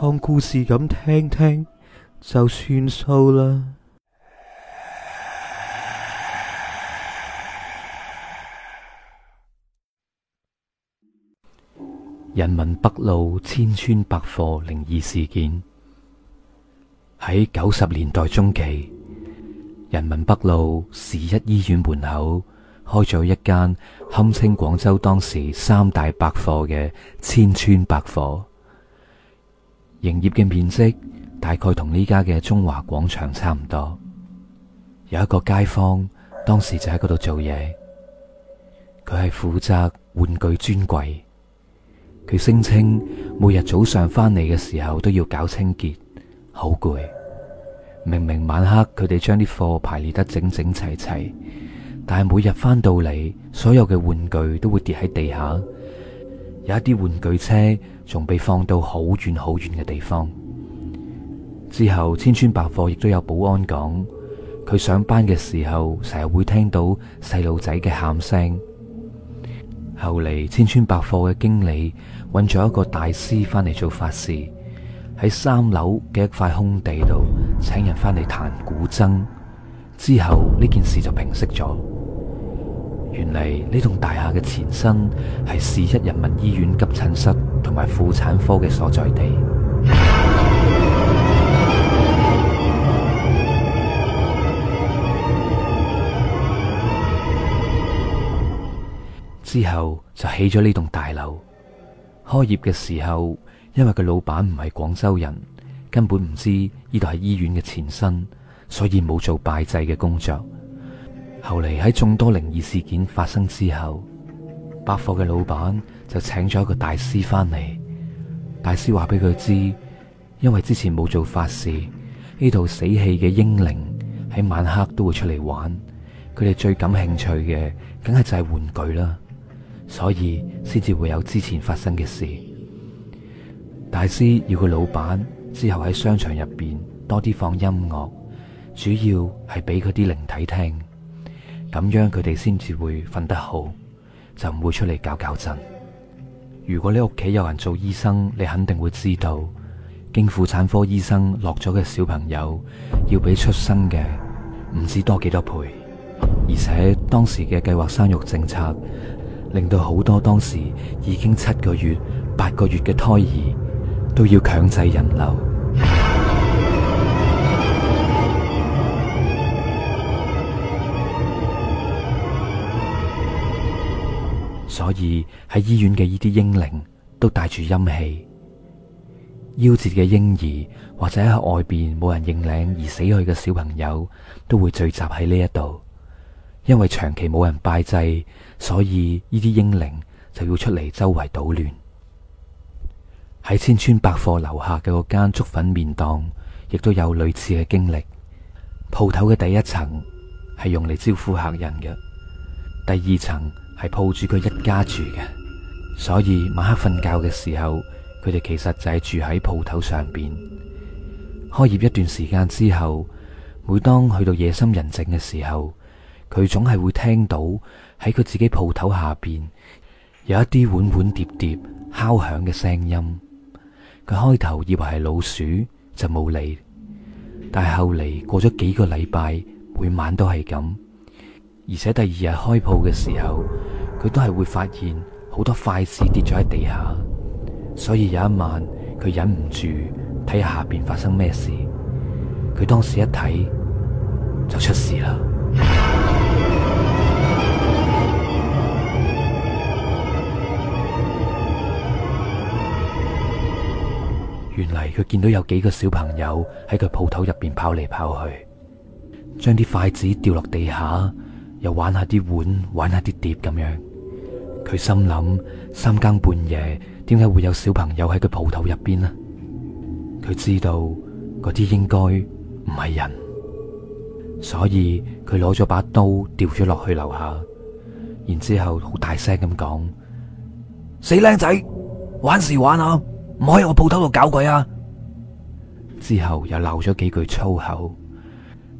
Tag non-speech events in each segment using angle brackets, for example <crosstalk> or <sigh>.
當故事咁聽聽就算數啦。人民北路千川百貨靈異事件，喺九十年代中期，人民北路市一醫院門口開咗一間堪稱廣州當時三大百貨嘅千川百貨。營業嘅面積大概同呢家嘅中華廣場差唔多，有一個街坊當時就喺嗰度做嘢，佢係負責玩具專櫃，佢聲稱每日早上返嚟嘅時候都要搞清潔，好攰。明明晚黑佢哋將啲貨排列得整整齊齊，但係每日返到嚟，所有嘅玩具都會跌喺地下。有一啲玩具車仲被放到好遠好遠嘅地方。之後，千村百貨亦都有保安講，佢上班嘅時候成日會聽到細路仔嘅喊聲。後嚟，千村百貨嘅經理揾咗一個大師翻嚟做法事，喺三樓嘅一塊空地度請人翻嚟彈古箏。之後呢件事就平息咗。原嚟呢棟大廈嘅前身係市一人民醫院急診室同埋婦產科嘅所在地， <noise> 之後就起咗呢棟大樓。開業嘅時候，因為佢老闆唔係廣州人，根本唔知呢度係醫院嘅前身，所以冇做拜祭嘅工作。後嚟喺眾多靈異事件發生之後，百貨嘅老闆就請咗一個大師翻嚟。大師話俾佢知，因為之前冇做法事，呢度死氣嘅嬰靈喺晚黑都會出嚟玩，佢哋最感興趣嘅，梗係就係玩具啦，所以先至會有之前發生嘅事。大師要佢老闆之後喺商場入邊多啲放音樂，主要係俾佢啲靈體聽。咁樣佢哋先至會瞓得好，就唔會出嚟搞搞震。如果你屋企有人做醫生，你肯定會知道，經婦產科醫生落咗嘅小朋友，要比出生嘅唔知多幾多倍。而且當時嘅計劃生育政策，令到好多當時已經七個月、八個月嘅胎兒，都要強制人流。所以喺醫院嘅呢啲嬰靈都帶住陰氣，夭折嘅嬰兒或者喺外邊冇人認領而死去嘅小朋友都會聚集喺呢一度，因為長期冇人拜祭，所以呢啲嬰靈就要出嚟周圍搗亂。喺千川百貨樓下嘅嗰間粥粉麵檔，亦都有類似嘅經歷。鋪頭嘅第一層係用嚟招呼客人嘅，第二層。係抱住佢一家住嘅，所以晚黑瞓覺嘅時候，佢哋其實就係住喺鋪頭上邊。開業一段時間之後，每當去到夜深人靜嘅時候，佢總係會聽到喺佢自己鋪頭下邊有一啲碗碗碟碟敲響嘅聲音。佢開頭以為係老鼠，就冇理。但係後嚟過咗幾個禮拜，每晚都係咁。而且第二日開鋪嘅時候，佢都係會發現好多筷子跌咗喺地下，所以有一晚佢忍唔住睇下下邊發生咩事。佢當時一睇就出事啦。 <noise> 原來佢見到有幾個小朋友喺佢鋪頭入邊跑嚟跑去，將啲筷子掉落地下。又玩下啲碗，玩下啲碟咁樣。佢心諗三更半夜，點解會有小朋友喺個鋪頭入邊呢？佢知道嗰啲應該唔係人，所以佢攞咗把刀掉咗落去樓下，然之後好大聲咁講：死僆仔，玩時玩啊，唔可以喺我鋪頭度搞鬼啊！之後又鬧咗幾句粗口。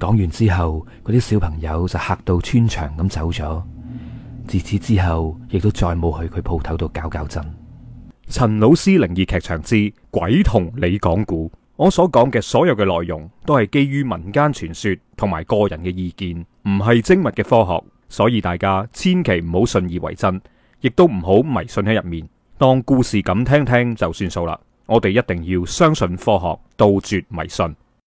講完之後，嗰啲小朋友就吓到穿牆咁走咗。自此之後，亦都再冇去佢鋪頭度搞搞震。陳老師靈異劇場之「鬼同你講故」，我所講嘅所有嘅內容都係基於民間傳說同埋個人嘅意見，唔係精密嘅科學，所以大家千祈唔好信以為真，亦都唔好迷信喺入面，當故事咁聽聽就算數啦。我哋一定要相信科學，杜絕迷信。